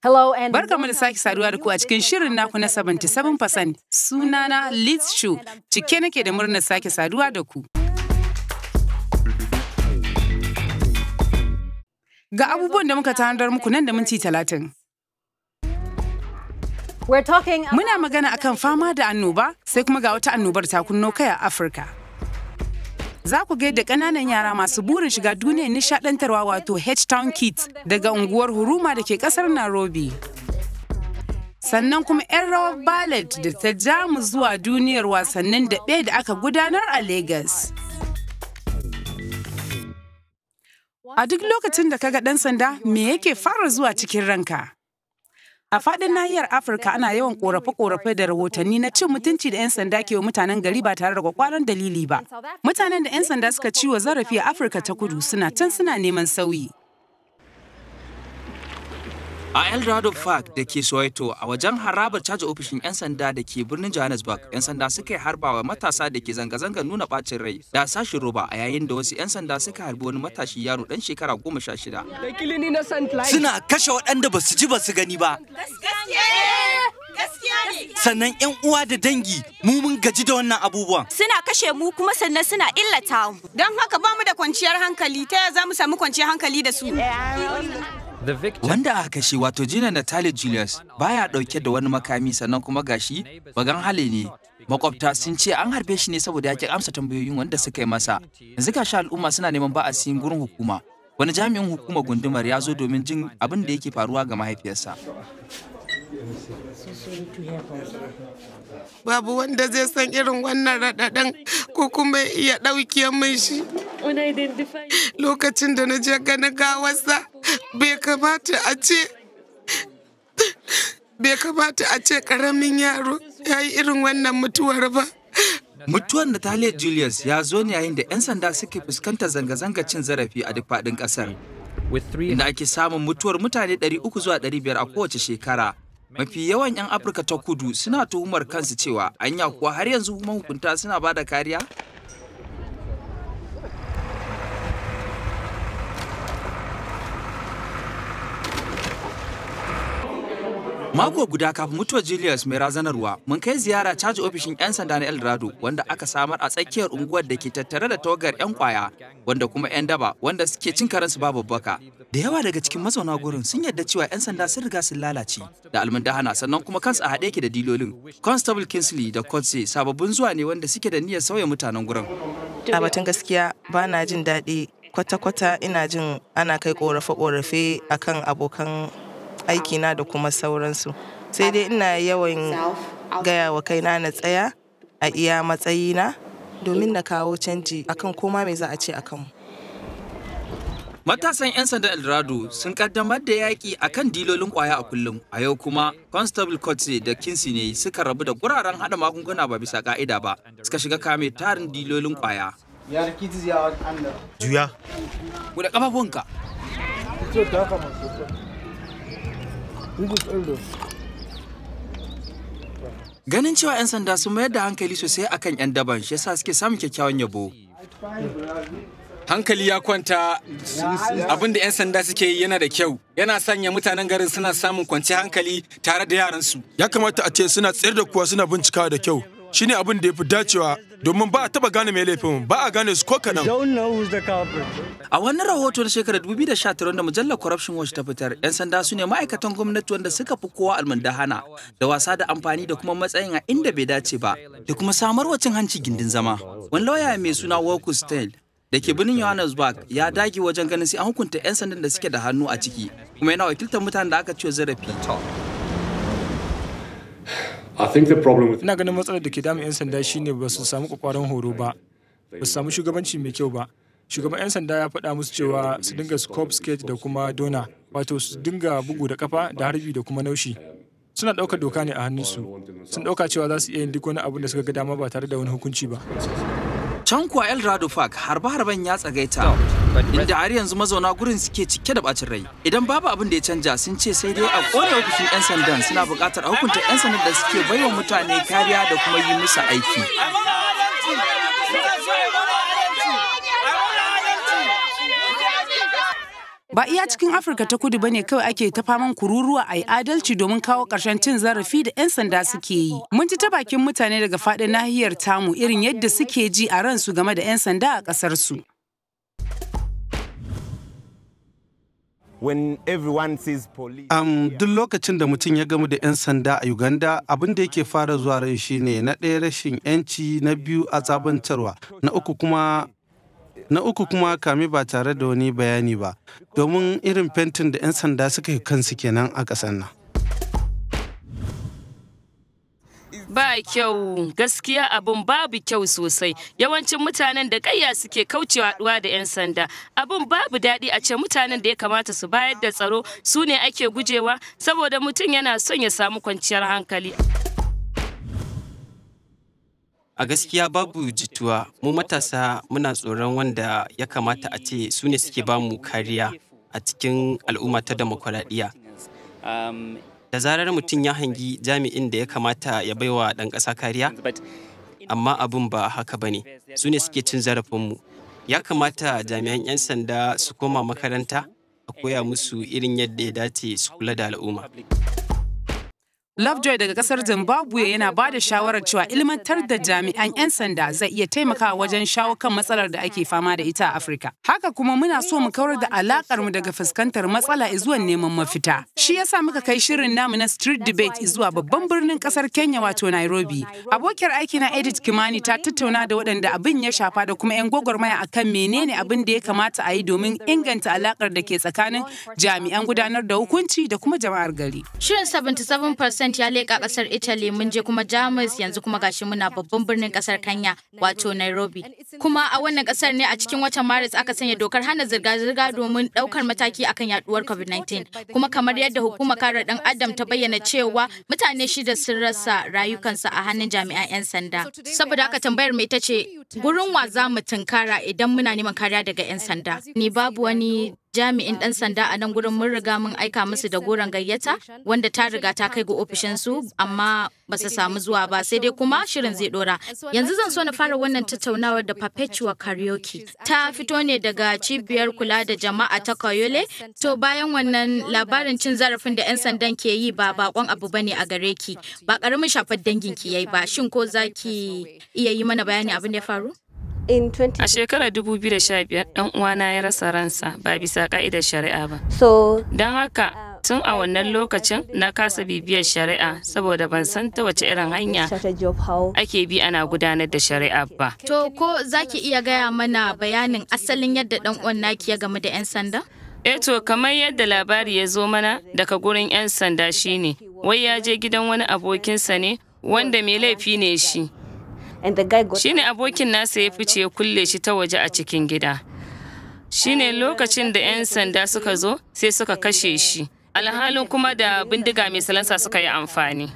Barka mu da sake saduwa da ku a cikin shirin naku na 77%. Sunana Liz Chu cike nake da murnar sake saduwa da ku. Ga abubuwan da muka tanadar muku nan da minti talatin. Muna magana akan fama da annoba sai kuma ga wata annobar ta kunno kai a Afirka. za ku ga da ƙananan yara masu burin shiga duniyar nishaɗantarwa, wato H-Town Kids daga unguwar Huruma da ke ƙasar Nairobi. Sannan kuma 'yan rawar ballet da ta ja mu zuwa duniyar wasannin daɓe da aka gudanar a Legas. A duk lokacin da ka ga ɗan sanda me yake fara zuwa cikin ranka? A faɗin nahiyar Afirka ana yawan korafe-korafe da rahotanni na cin mutunci da 'yan sanda ke wa mutanen gari ba tare da kwakwaran dalili ba. Mutanen da 'yan sanda suka ciwo zarafi a Afirka ta kudu suna can suna neman sauyi. A El Dorado Park da ke Soweto a wajen harabar caji ofishin 'yan sanda da ke birnin Johannesburg, 'yan sanda suka yi harbawa matasa da ke zanga-zangar nuna bacin rai da sashin roba a yayin da wasu 'yan sanda suka harbi wani matashi yaro dan shekara goma sha shida. Suna kashe waɗanda ba su ji ba su gani ba. Sannan 'yan uwa da dangi mu mun gaji da wannan abubuwan. Suna kashe mu kuma sannan suna illata mu. Don haka ba mu da kwanciyar hankali ta ya za mu samu kwanciyar hankali da su. Eh, Wanda a kashe wato Gina Natalie Julius baya ɗauke da wani makami sannan kuma gashi bagan hali ne. Makwabta sun ce an harbe shi ne saboda yakin amsa tambayoyin wanda suka yi masa. Yanzu gashi al'umma suna neman ba ba'asin gurin hukuma. Wani jami'in hukumar gundumar ya zo domin jin abin da yake faruwa ga mahaifiyarsa. Babu wanda zai san irin wannan raɗaɗin ko kuma iya ɗauke min shi. Lokacin da na je ganin gawarsa bai kamata a ce bai kamata a ce ƙaramin yaro ya yi irin wannan mutuwar ba. Mutuwar Natalia Julius ya zo ne yayin da 'yan sanda suke fuskantar zanga-zanga cin zarafi a duk faɗin ƙasar. Inda ake samun mutuwar mutane 300 zuwa 500 a kowace shekara. Mafi yawan 'yan Afirka ta kudu suna tuhumar kansu cewa anya kuwa har yanzu mahukunta suna bada kariya? Mako guda kafin mutuwar Julius mai razanarwa, mun kai ziyara caji ofishin 'yan sanda na Eldorado wanda aka samar a tsakiyar unguwar da ke tattare da tawagar 'yan kwaya wanda kuma 'yan daba wanda suke cin karansu babu baka. Da yawa daga cikin mazauna gurin sun yarda cewa 'yan sanda sun riga sun lalace da dahana sannan kuma kansu a haɗe yake da dilolin. Constable Kingsley da Kotse sababbin zuwa ne wanda suke da niyyar sauya mutanen gurin. A batun gaskiya ba na jin daɗi kwata-kwata ina jin ana kai ƙorafe-ƙorafe akan abokan aikina da kuma sauransu sai dai ina yawan gaya wa kaina na tsaya a iya matsayina domin na kawo canji akan koma mai za a ce akan Matasan 'yan sanda Eldorado sun kaddamar da yaƙi a kan dilolin ƙwaya a kullum. A yau kuma, Constable Kotse da Kinsey ne suka rabu da guraren haɗa magunguna ba bisa ka'ida ba, suka shiga kame tarin dilolin ƙwaya. Juya. Buɗe ƙafafunka. Ganin cewa 'yan sanda sun mayar da hankali sosai akan 'yan daban shi yasa suke samun kyakkyawan yabo. Hankali ya kwanta abin da 'yan sanda suke yi yana da kyau. Yana sanya mutanen garin suna samun kwanci hankali tare da yaransu. Ya kamata a ce suna tsayar da kuwa suna bincikawa da kyau. Shine abin da ya fi dacewa domin ba a taba gane mai laifin ba a gane su ko kaɗan. A wannan rahoto na shekarar 2019 da mujallar Corruption Watch ta fitar, 'yan sanda su ne ma'aikatan gwamnati wanda suka fi kowa almundahana da wasa da amfani da kuma matsayin a inda bai dace ba da kuma samarwa cin hanci gindin zama. Wani lauya mai suna Walker Stein da ke birnin Johannesburg ya dage wajen ganin sai an hukunta 'yan sandan da suke da hannu a ciki kuma yana wakiltar mutanen da aka ciwo zarafi. Ina ganin matsalar da ke damun 'yan sanda shine ba su samu kwakwaron horo ba, ba su samu shugabanci mai kyau ba. Shugaban 'yan sanda ya faɗa musu cewa su dinga scope skate da kuma dona, wato su dinga bugu da kafa da harbi da kuma naushi. Suna ɗaukar doka ne a hannunsu, sun ɗauka cewa za su iya yin duk wani abin da suka ga dama ba tare da wani hukunci ba. Can kuwa El Rado Park harba harban ya tsagaita. inda har yanzu mazauna gurin suke cike da bacin rai idan babu abin da ya canja sun ce sai dai a kone ofishin yan sandan suna buƙatar a hukunta yan sandan da suke baiwa mutane kariya da kuma yi musu aiki Ba iya cikin Afirka ta kudu bane kawai ake ta faman kururuwa a yi adalci domin kawo ƙarshen cin zarafi da 'yan sanda suke yi. Mun ji ta bakin mutane daga faɗin nahiyar tamu irin yadda suke ji a ransu game da 'yan sanda a ƙasarsu. Um, duk lokacin da mutum ya gamu da 'yan sanda a Uganda abin da yake fara zuwa rai ne na ɗaya rashin 'yanci na biyu azabantarwa na uku kuma na uku kuma kame ba tare da wani bayani ba domin irin fentin da 'yan sanda suka yi kansu kenan a ƙasar nan. ba kyau gaskiya abun babu kyau sosai yawancin mutanen da kayya suke kaucewa duwa da 'yan sanda abun babu daɗi a ce mutanen da ya kamata su bayar da tsaro su ne ake gujewa saboda mutum yana son ya samu kwanciyar hankali a gaskiya babu jituwa mu matasa muna tsoron wanda ya kamata a ce su ne suke bamu kariya a cikin al'umma ta demokuraɗiyya um, da zarar mutum ya hangi jami'in da ya kamata ya baiwa ɗan ƙasa kariya amma abin ba haka ba ne su ne suke cin zarafinmu ya kamata jami'an 'yan sanda su koma makaranta a koya musu irin yadda ya dace su kula da al'umma Lovejoy daga kasar Zimbabwe yana ba da shawarar cewa ilmantar da jami'an 'yan sanda zai iya taimakawa wajen shawo kan matsalar da ake fama da ita a Afirka. Haka kuma muna so mu kawar da alakar mu daga fuskantar matsala zuwa neman mafita. Shi yasa muka kai shirin namu na street debate zuwa babban birnin kasar Kenya wato Nairobi. Abokiyar aiki na Edith Kimani ta tattauna da waɗanda abin ya shafa da kuma 'yan gwagwarmaya akan menene abin da ya kamata a yi domin inganta alakar da ke tsakanin jami'an gudanar da hukunci da kuma jama'ar gari. Shirin 77% Haaland ya leƙa ƙasar Italy mun je kuma Jamus yanzu kuma gashi muna babban birnin ƙasar Kenya wato Nairobi. Kuma a wannan kasar ne a cikin watan Maris aka sanya dokar hana zirga-zirga domin ɗaukar mataki akan yaduwar COVID-19. Kuma kamar yadda hukumar kare ɗan Adam ta bayyana cewa mutane shida sun rasa rayukansu a hannun jami'an 'yan sanda. Saboda haka tambayar mai ita ce gurin wa za mu tunkara idan muna neman kariya daga 'yan sanda. Ni babu wani jami'in ɗan sanda a nan gurin mun riga mun aika musu da goron gayyata wanda ta riga ta kai ga ofishinsu amma ba su samu zuwa ba sai dai kuma shirin zai dora. Yanzu zan so na fara wannan tattaunawar da Perpetua Karaoke. Ta fito ne daga cibiyar kula da jama'a ta Koyole. To bayan wannan labarin cin zarafin da 'yan sandan ke yi ba bakon abu bane a gare ki. Ba karamin shafar dangin ki yayi ba. Shin ko zaki iya yi mana bayani abin da ya faru? A shekarar 2015 ɗan uwana ya rasa ransa ba bisa ka'idar shari'a ba. So, Don haka uh, tun a wannan lokacin na kasa bibiyar shari'a saboda ban san ta wace irin hanya ake bi ana gudanar da shari'a ba. To ko za ki iya gaya mana bayanin asalin yadda ɗan uwan naki ya game da 'yan sanda? Eto eh kamar yadda labari ya zo mana daga gurin 'yan sanda shine wai ya je gidan wani abokinsa ne wanda mai laifi ne shi Shi ne abokin nasa ya fice ya kulle shi ta waje a cikin gida. Shi ne lokacin da 'yan sanda suka zo sai suka kashe shi. Alhalin kuma da bindiga mai salansa suka yi amfani.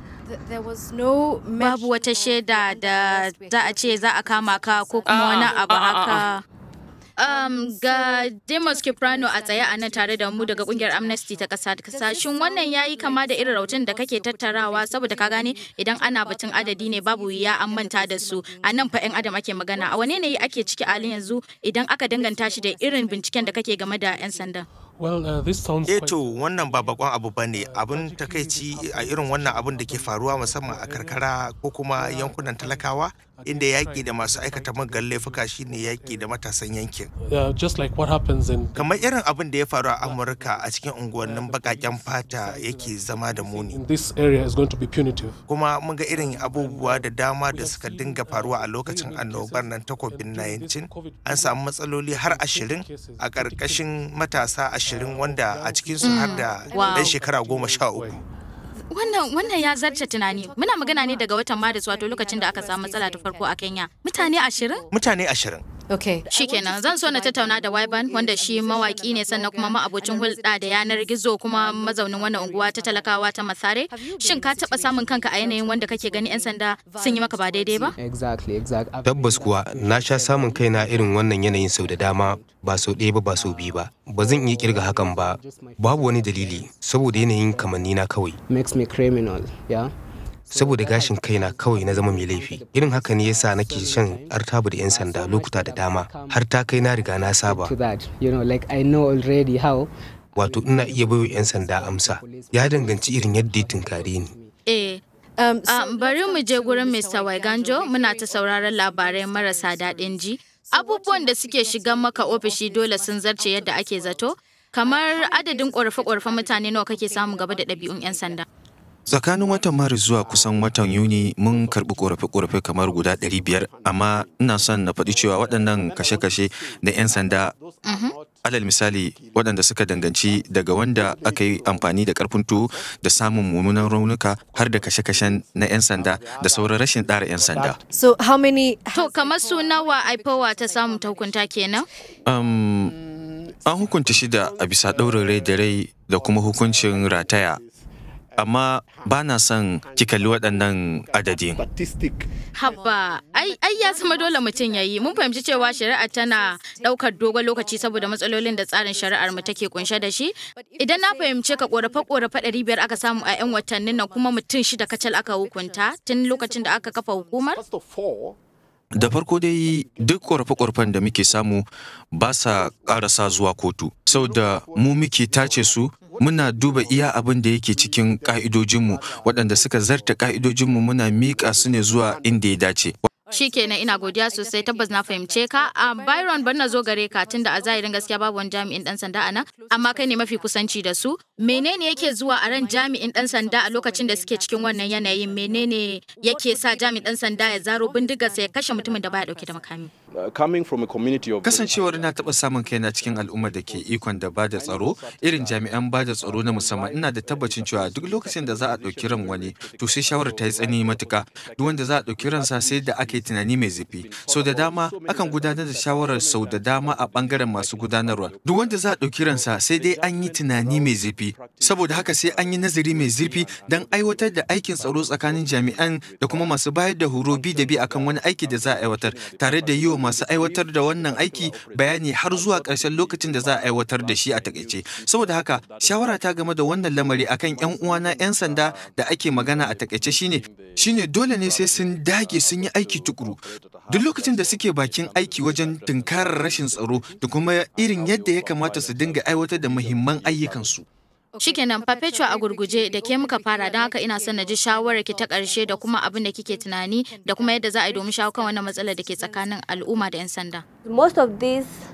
Babu wata shaida da za a ce za a kama ka ko kuma wani abu haka. um, ga Demos Kiprano a tsaye a nan tare da mu daga kungiyar Amnesty ta ƙasa da ƙasa. Shin wannan ya yi kama da irin rautun da kake tattarawa saboda ka gane idan ana batun adadi ne babu ya an manta da su. A nan fa 'yan adam ake magana. A wane ne ake ciki a yanzu idan aka danganta shi da irin binciken da kake game da 'yan sanda? Eto uh, eh wannan ba bakon abu ba ne abin takaici a irin wannan abin da ke faruwa musamman a karkara ko kuma yankunan talakawa inda yaƙi da masu aikata mangan laifuka shine yaƙi da matasan yankin. Kamar irin abin da ya faru a Amurka a cikin unguwannin baƙaƙen fata yake zama da muni. Kuma mun ga irin uh, abubuwa da dama da suka dinga uh, faruwa a lokacin annobar nan ta COVID-19. An samu matsaloli har ashirin a ƙarƙashin matasa ashirin uh, wanda a cikinsu har da ɗan shekara goma sha uku. Wannan wannan ya zarce tunani. Muna magana ne daga watan Maris wato lokacin da aka samu matsala ta farko a Kenya. Mutane ashirin? Mutane ashirin. Okay. kenan zan so na tattauna da Waiban wanda shi mawaki ne sannan kuma ma'abocin hulɗa da yanar gizo kuma mazaunin wannan unguwa ta talakawa ta Masare. Shin ka taɓa samun kanka a yanayin wanda kake gani 'yan sanda sun yi maka ba daidai ba? Tabbas kuwa na sha samun kaina irin wannan yanayin sau da dama ba sau ɗaya ba ba sau biyu ba. Ba zan iya kirga hakan ba. Babu wani dalili saboda yanayin kamanni na kawai. Makes me criminal, yeah? saboda gashin kai na kawai na zama mai laifi irin haka ne yasa nake shan artabu da 'yan sanda lokuta da dama har ta kai na riga na saba wato ina iya baiwa 'yan sanda amsa ya danganci irin yadda ya tunkare ni eh um, ah, bari mu je gurin Mr. Waiganjo muna ta sauraron labarai marasa daɗin ji. Abubuwan da suke shigan maka ofishi dole sun zarce yadda ake zato, kamar adadin ƙorafe-ƙorafe mutane nawa kake samu gaba da ɗabi'un 'yan sanda. Tsakanin watan Maris zuwa kusan watan Yuni mun karɓi ƙorafe-ƙorafe kamar guda ɗari biyar amma ina son na faɗi cewa waɗannan kashe-kashe da 'yan sanda mm-hmm. alal misali waɗanda suka danganci daga wanda aka yi amfani da ƙarfin tuwo da samun mummunan raunuka har da kashe-kashen na 'yan sanda da sauran rashin ɗara 'yan sanda. So how many? To kamar su nawa aifowa ta samu ta hukunta kenan? an hukunta shida a bisa ɗaurin rai da rai da kuma hukuncin rataya amma ba na son kikali waɗannan adadin. Habba, ai, ya zama dole mutum ya yi. Mun fahimci cewa shari'a tana ɗaukar dogon lokaci saboda matsalolin da tsarin shari'ar mu take kunshe da shi. Idan na fahimce ka ƙorafa ƙorafa ɗari biyar aka samu a 'yan watannin nan kuma mutum shida kacal aka hukunta tun lokacin da aka kafa hukumar. Da farko dai duk ƙorafe-ƙorafen da muke samu ba sa ƙarasa zuwa kotu, sau da mu muke tace su muna duba iya abin da yake cikin ƙa'idojinmu waɗanda suka zarta ƙa'idojinmu muna miƙa su ne zuwa inda ya dace. Shi kenan ina godiya sosai tabbas na fahimce ka. A ah, Byron ban na zo gare ka tunda a zahirin gaskiya babu wani jami'in ɗan sanda a nan, amma kai ne mafi kusanci da su. Menene yake zuwa a ran jami'in ɗan sanda a lokacin da suke cikin wannan yanayin? Menene yake sa jami'in ɗan sanda ya zaro bindigarsa ya kashe mutumin da baya ɗauke da makami? Uh, Kasancewar na taɓa samun kaina cikin al'ummar da ke ikon da ba da tsaro, irin jami'an ba da tsaro na musamman ina da tabbacin cewa duk lokacin da za a ɗauki ran wani, to sai shawarar ta yi tsani matuka. Duk wanda za a ɗauki ransa sai da aka yi tunani mai zafi. Sau da dama akan gudanar da shawarar sau da dama a ɓangaren masu gudanarwa. Duk wanda za a ɗauki ransa sai dai an yi tunani mai zafi. Saboda haka sai an yi nazari mai zurfi don aiwatar da aikin tsaro tsakanin jami'an da kuma masu bayar da horo bi da bi akan wani aiki da za a aiwatar tare da yiwa masu aiwatar da wannan aiki bayani har zuwa ƙarshen lokacin da za a aiwatar da shi a takaice. Saboda haka shawara ta game da wannan lamari akan 'yan uwana 'yan sanda da ake magana a takaice shine shine dole ne sai sun dage sun yi aiki tukuru. Duk lokacin da suke bakin aiki wajen tunkarar rashin tsaro da kuma irin yadda ya kamata su dinga aiwatar da muhimman ayyukansu. Shikenan perpetua a gurguje da ke muka fara don haka ina son na ji shawarar ki ta ƙarshe da kuma abin da kike tunani da kuma yadda za a yi domin shawo kan wannan matsalar da ke tsakanin al'umma da 'yan sanda.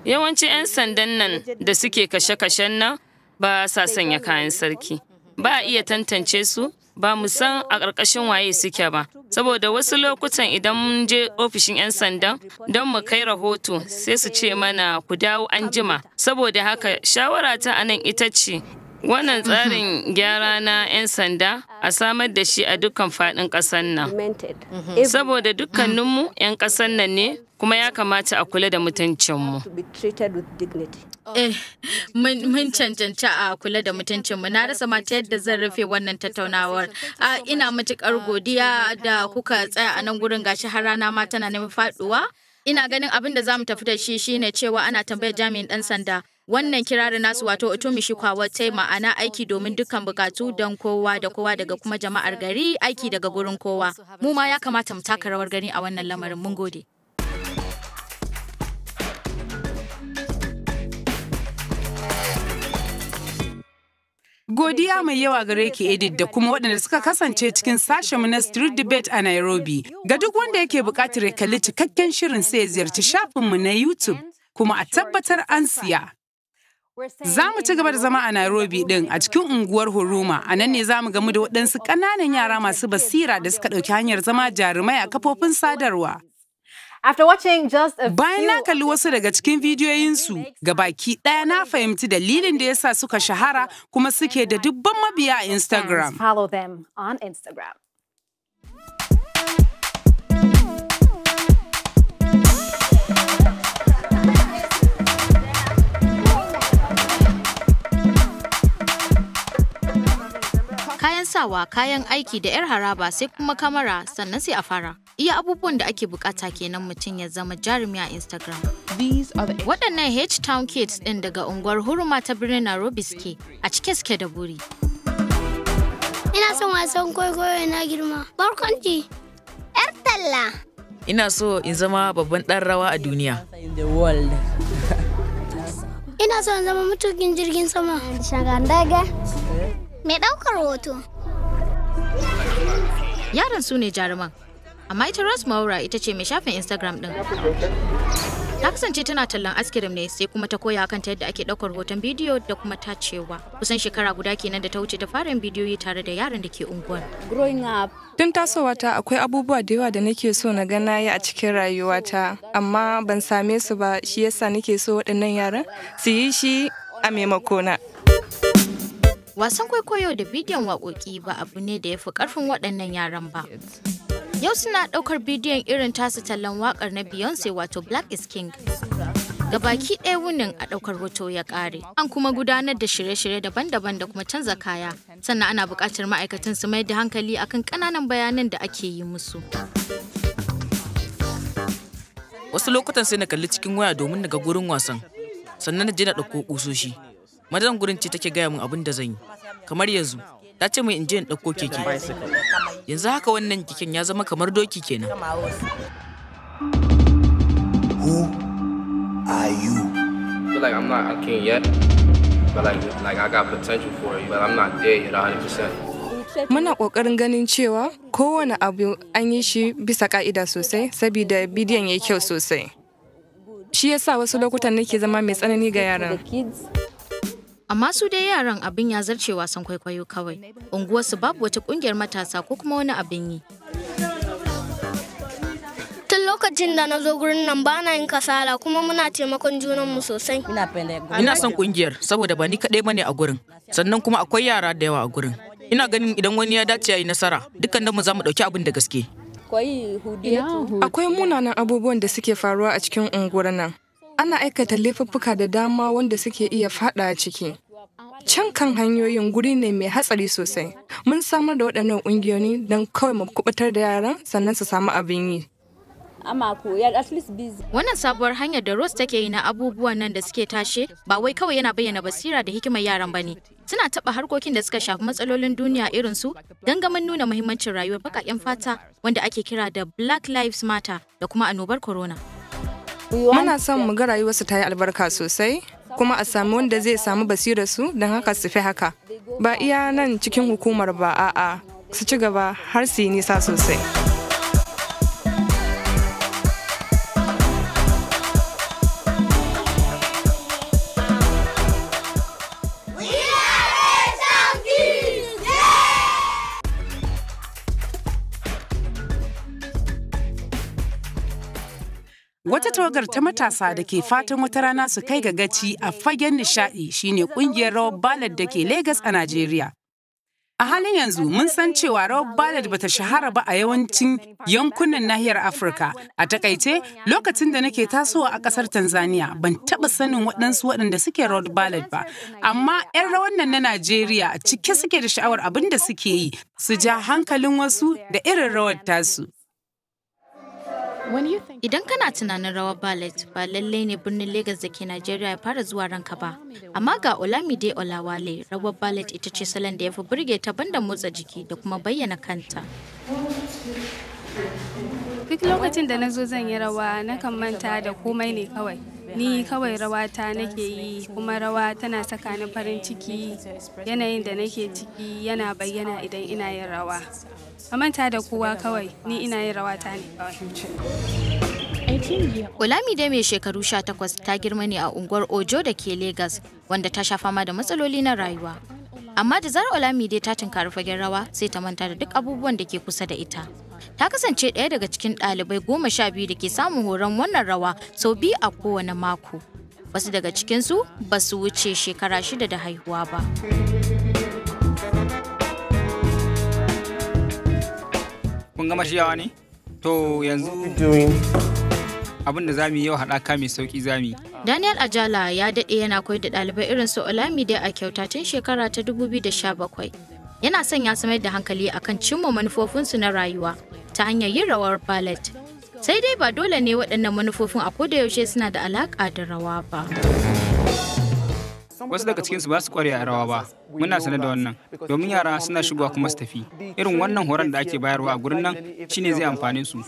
Yawanci 'yan sandan nan da suke kashe-kashen nan ba sa sanya kayan sarki. Ba a iya tantance su ba mu san a ƙarƙashin waye suke ba saboda wasu lokutan idan mun je ofishin 'yan sandan don mu kai rahoto sai su ce mana ku dawo an jima saboda haka shawara ta anan ita ce Wannan mhm. tsarin gyara na 'yan sanda a samar da shi a dukkan faɗin ƙasar nan. Mhm. Saboda dukkaninmu 'yan ƙasar nan ne kuma ya kamata a kula da mutuncinmu. Eh, mun cancanci a kula da mutuncinmu. Na rasa mata yadda zan rufe wannan tattaunawar. Ina matuƙar godiya da kuka tsaya a nan gurin gashi har rana ma tana neman faɗuwa. Ina ganin abin da za mu tafi da shi shine cewa ana tambayar jami'in ɗan sanda. Wannan kirarin nasu wato utumishi kwawatai ma'ana aiki domin dukkan bukatu don kowa da kowa daga kuma jama'ar gari aiki daga gurin kowa. Mu ma ya kamata mu taka rawar gani a wannan lamarin mun gode. Godiya mai yawa gare ki Edith da kuma waɗanda suka kasance cikin sashenmu na Street Debate a Nairobi. Ga duk wanda yake buƙatar ya kalli cikakken shirin sai ya ziyarci shafinmu na YouTube kuma a tabbatar an siya. Za mu ci gaba da zama a Nairobi din a cikin unguwar Huruma, a nan ne za mu gamu da waɗansu ƙananan yara masu basira da suka ɗauki hanyar zama jarumai a kafofin sadarwa. Bayan na kalli wasu daga cikin bidiyoyinsu ga baki ɗaya na fahimci dalilin da yasa suka shahara kuma suke da dubban mabiya a Instagram. sawa kayan aiki da 'yar haraba sai kuma kamara sannan sai a fara. Iya abubuwan da ake bukata kenan mutum ya zama jarumi a Instagram. Waɗannan H-Town Kids ɗin daga unguwar Huruma ta birnin Nairobi suke a cike suke da buri. Ina son wasan kwaikwayo na girma. Barkwanci. 'Yar talla. Ina so in zama babban ɗan rawa a duniya. Ina so in zama mutukin jirgin sama. Shagandaga. Mai ɗaukar hoto. Yaran su ne jaruman, amma ita ras Maura ita ce mai shafin Instagram ɗin. Ta kasance tana tallan askirim ne sai kuma ta koya kanta yadda ake ɗaukar hoton bidiyo da kuma ta cewa Kusan shekara guda kenan da ta wuce ta fara yin bidiyoyi tare da yaran da ke unguwar. Tun tasowata akwai abubuwa da yawa da nake so na gana nayi a cikin rayuwata, amma ban same su ba shi yasa nake so waɗannan yaran su yi shi a maimakona. Wasan kwaikwayo da bidiyon waƙoƙi ba abu ne da ya fi ƙarfin waɗannan yaran ba. Yau suna ɗaukar bidiyon irin tasu tallan waƙar na Beyonce wato Black is King. Ga baki ɗaya wunin a ɗaukar hoto ya ƙare. An kuma gudanar da shirye-shirye daban-daban da kuma canza kaya. Sannan ana buƙatar ma'aikatan su mai da hankali akan ƙananan bayanan da ake yi musu. Wasu lokutan sai na kalli cikin waya domin daga gurin wasan, sannan na je na ɗauko ƙusoshi. madan gurin ce take gaya min abin da zan yi kamar yanzu ta ce mai in je in ɗauko keke yanzu haka wannan keken ya zama kamar doki kenan who are you feel like I'm not a king yet but like like I got potential for it but I'm not there yet 100% Muna ƙoƙarin ganin cewa kowane abu an yi shi bisa ƙa'ida sosai, saboda bidiyon ya kyau sosai. Shi yasa wasu lokutan nake zama mai tsanani ga yaran. Amma su dai yaran abin ya zarce wasan kwaikwayo kawai. Unguwarsu babu wata kungiyar matasa ko kuma wani abin yi. tun lokacin da na zo gurin nan ba na yin kasala kuma muna taimakon junanmu sosai. Ina son kungiyar saboda ba ni kaɗai bane a gurin sannan kuma akwai yara da yawa a gurin. Ina ganin idan wani ya dace ya yi nasara dukkan mu za mu ɗauki abin da gaske. Akwai munanan abubuwan da suke faruwa a cikin unguwar nan. ana aikata laifuffuka da dama wanda suke iya fada ciki. Can kan hanyoyin guri ne mai hatsari sosai. Mun samar da waɗannan ƙungiyoyi don kawai mu kubutar da yaran sannan su samu abin yi. Wannan sabuwar hanyar da Rose take yi na abubuwan nan da suke tashe ba wai kawai yana bayyana basira da hikimar yaran ba ne. Suna taɓa harkokin da suka shafi matsalolin duniya irin su gangamin nuna muhimmancin rayuwar baƙaƙen fata wanda ake kira da Black Lives Matter da kuma annobar corona. Muna son mu ga rayuwarsu ta yi albarka sosai, kuma a sami wanda zai samu basirarsu don haka su fi haka. Ba iya nan cikin hukumar ba a'a su ci gaba har su yi nisa sosai. Wata tawagar ta matasa da ke fatan wata rana su kai ga gaci a fagen nishaɗi shine ƙungiyar rawar balad da ke Legas a Najeriya. A halin yanzu mun san cewa rawar balad ta shahara ba a yawancin yankunan nahiyar Afirka. A takaice lokacin da nake tasowa a kasar Tanzania ban taba sanin waɗansu waɗanda suke rawar balad ba. Amma 'yan rawar nan na Najeriya cike suke da sha'awar abin da suke yi su ja hankalin wasu da irin rawar tasu. Idan kana tunanin rawa ballet ba lallai ne birnin Legas da ke Najeriya ya fara zuwa ranka ba. Amma ga Olamide Olawale rawar ballet ita ce salon da ya fi burge ta banda motsa jiki da kuma bayyana kanta. duk lokacin da na zo zan yi rawa na kan manta da komai ne kawai ni kawai rawa ta nake yi kuma rawa tana saka ni farin ciki yanayin da nake ciki yana bayyana idan ina yin rawa a manta da kowa kawai ni ina yin rawa ta ne kawai Olamide mai shekaru 18 ta girma ne a unguwar Ojo da ke Legas wanda ta sha fama da matsaloli na rayuwa. Amma da zarar Olamide ta tunkari fagen rawa sai ta manta da duk abubuwan da ke kusa da ita. ta kasance ɗaya daga cikin ɗalibai goma sha biyu da ke samun horon wannan rawa sau biyu a kowane mako. Wasu daga cikinsu ba su wuce shekara shida da haihuwa ba. Kun gama shiyawa ne? To yanzu abin da zamu yau haɗaka mai sauƙi zamu Daniel Ajala ya daɗe yana koyar da ɗalibai irin su Olamide a kyauta tun shekara ta 2017. Yana son ya samar da hankali akan cimma manufofinsu na rayuwa ta hanyar yin rawar ballet. Sai dai ba dole ne waɗannan manufofin a yaushe suna da alaƙa da rawa ba. wasu daga cikinsu ba su kware a rawa ba muna sane da wannan domin yara suna shigowa kuma su tafi irin wannan horon da ake bayarwa a gurin nan shine zai amfane su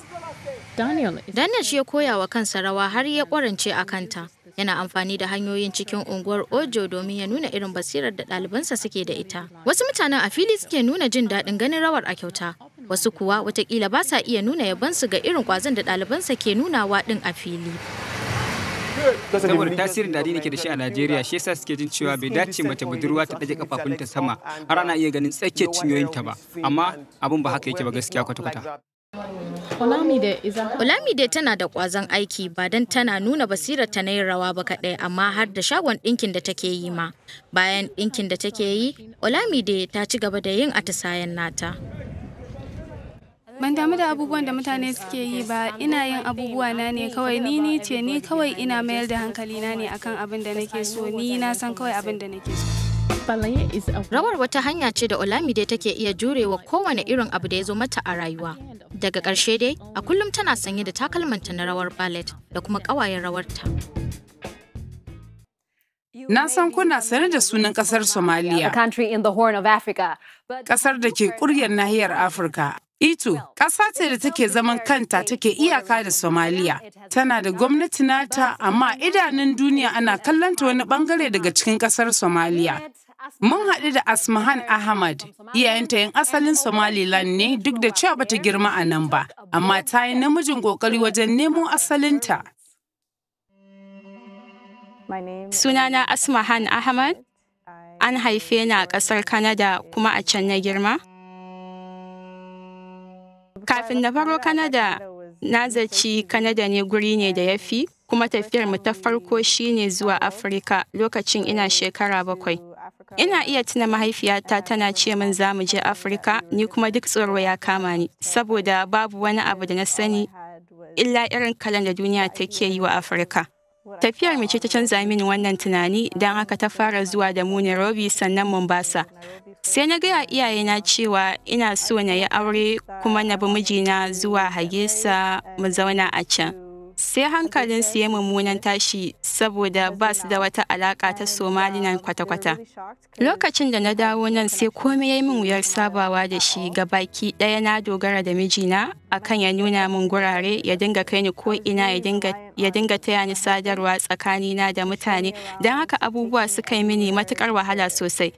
daniel shi ya koya wa kansa rawa har ya kwarance a kanta yana amfani da hanyoyin cikin unguwar ojo domin ya nuna irin basirar da ɗalibansa suke da ita wasu mutanen a fili suke nuna jin daɗin ganin rawar a kyauta wasu kuwa watakila ba sa iya nuna yabansu ga irin kwazon da ɗalibansa ke nunawa ɗin a fili saboda tasirin da ke da shi a Najeriya shi yasa suke jin cewa bai dace mace budurwa ta ɗaje kafafunta sama har ana iya ganin tsakiyar cinyoyinta ba amma abin ba haka yake ba gaskiya kwata-kwata Olamide tana da kwazon aiki ba don tana nuna basirar ta na yin rawa ba kaɗai amma har da shagon ɗinkin da take yi ma. Bayan ɗinkin da take yi, Olamide ta ci gaba da yin atisayen nata. Ban damu da abubuwan da mutane suke yi ba, ina yin abubuwa na ne kawai ni ni ce ni kawai ina mayar da hankali na ne akan abin da nake so, ni na san kawai abin da nake so. Rawar wata hanya ce da Olamide take iya jurewa kowane irin abu da ya zo mata a rayuwa. Daga ƙarshe dai, a kullum tana sanye da takalmanta na rawar ballet da kuma ƙawayen rawarta. Na san kuna sanar da sunan ƙasar Somalia, ƙasar da ke ƙuryar nahiyar Afirka, Ito, ƙasa ce da take zaman kanta take iyaka da Somalia. Tana da gwamnati nata, amma idanun duniya ana kallonta wani bangare daga cikin ƙasar Somalia. Mun haɗu da Asmahan Ahmad, iyayenta yin asalin oh, Somaliland ne duk da cewa bata girma a nan ba, amma ta yi namijin ƙoƙari wajen nemo asalinta. Sunana Asmahan Ahmad, an haife ni a ƙasar Kanada kuma a can na girma. Kafin na faro Kanada, na zaci Kanada ne guri ne da ya fi, kuma tafiyar mu ta farko shine zuwa Afirka lokacin ina shekara bakwai. Ina iya tuna mahaifiyata tana ce min za mu je Afirka, ni kuma duk tsoro ya kama ni, saboda babu wani abu da na sani illa irin kalan da duniya take yi wa Afirka. Tafiyar mu ce ta canza mini wannan tunani don haka ta fara zuwa da mu Nairobi sannan Mombasa. Sai na gaya iyayena cewa ina so na yi aure kuma na bi mijina zuwa Hagesa mu zauna a can. Sai su ya mummunan tashi saboda ba su da wata alaka ta Somalinan kwata-kwata. Lokacin da na dawo nan sai komai ya yi min wuyar sabawa da shi ga baki ɗaya na dogara da mijina akan ya nuna min gurare ya dinga kai ni ko ina ya dinga taya ni sadarwa tsakanina da mutane don haka abubuwa suka yi mini matuƙar wahala sosai.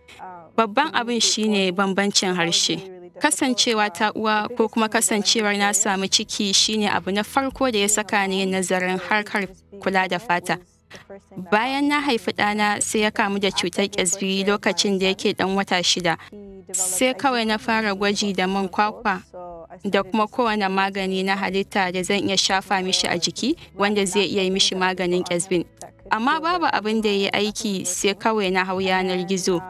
Babban abin shine bambancin harshe. Kasancewa ta uwa ko kuma kasancewar na samu ciki shine abu na farko da ya saka ni nazarin harkar kula da fata. Bayan na haifi ɗana sai ya kamu da cutar ƙyazbi lokacin da yake ɗan wata shida. Sai kawai na fara gwaji da man kwakwa da kuma kowane magani na halitta da zan iya shafa mishi a jiki wanda zai iya yi mishi maganin ƙyazbin. Amma babu abin da ya yi aiki sai kawai na hau yanar gizo.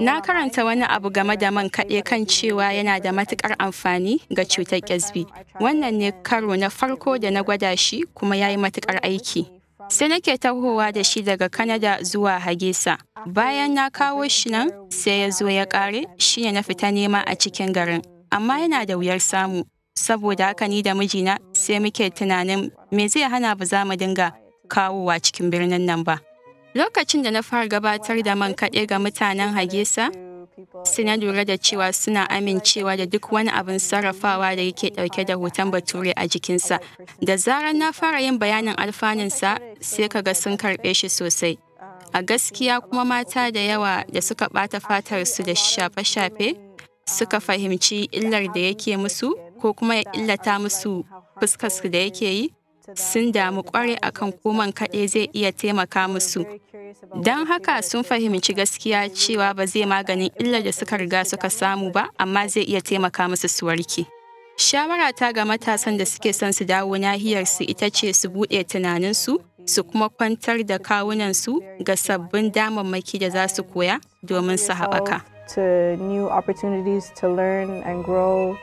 Na karanta wani abu game da man kaɗe kan cewa yana da matuƙar amfani ga cutar ƙyasbi. Wannan ne karo na farko da na gwada shi kuma ya yi matuƙar aiki. Sai nake tahowa da shi daga Kanada zuwa Hagesa. Bayan na kawo shi nan, sai ya zo ya ƙare, shi ne na fita nema a cikin garin. Amma yana da wuyar samu, saboda haka ni da mijina sai muke tunanin me zai hana ba za mu dinga kawowa cikin birnin nan ba. Lokacin da na fara gabatar da man kaɗe ga mutanen Hagesa, sai na lura da cewa suna amincewa da duk wani abin sarrafawa da yake ɗauke da hoton bature a jikinsa. Da zarar na fara yin bayanin alfanunsa, sai ka ga sun karɓe shi sosai. A gaskiya kuma mata da yawa da suka ɓata su da shafe-shafe, suka fahimci illar da yake musu ko kuma ya illata musu fuskarsu da yake yi, sun damu kwarai akan koman kaɗai zai iya taimaka musu. Don haka sun fahimci gaskiya cewa ba zai maganin illar da suka riga suka samu ba, amma zai iya taimaka musu su warke. Shawara ta ga matasan da suke son su dawo nahiyar su ita ce su buɗe tunaninsu, su kuma kwantar da kawunan su ga sabbin damammaki da za su koya domin su haɓaka. to new opportunities to learn and grow.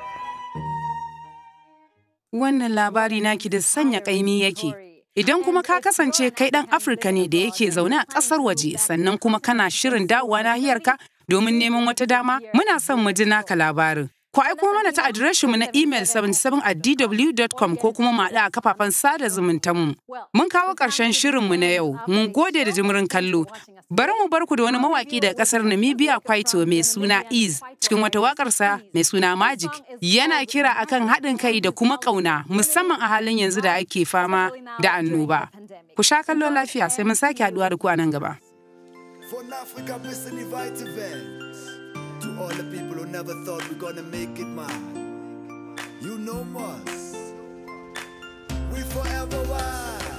Wannan labari naki da sanya ƙaimi yake. Idan kuma ka kasance kai ɗan Afirka ne da yake zaune a ƙasar waje sannan kuma kana shirin dawowa nahiyarka domin neman wata dama muna son mu ji naka labarin. Ku aiko mana ta mu na email 77 at dw.com ko kuma mu maɗa a kafafen sada mu. Mun kawo ƙarshen mu na yau, mun gode da jimirin kallo, Bari mu barku da wani mawaki daga kasar Namibia Kwaito mai suna Iz cikin wata wakarsa mai suna Magic yana kira akan haɗin kai da kuma ƙauna musamman a halin yanzu da ake fama da annoba. Ku sha kallon lafiya sai mun sake haɗuwa da ku a nan gaba. We forever wild.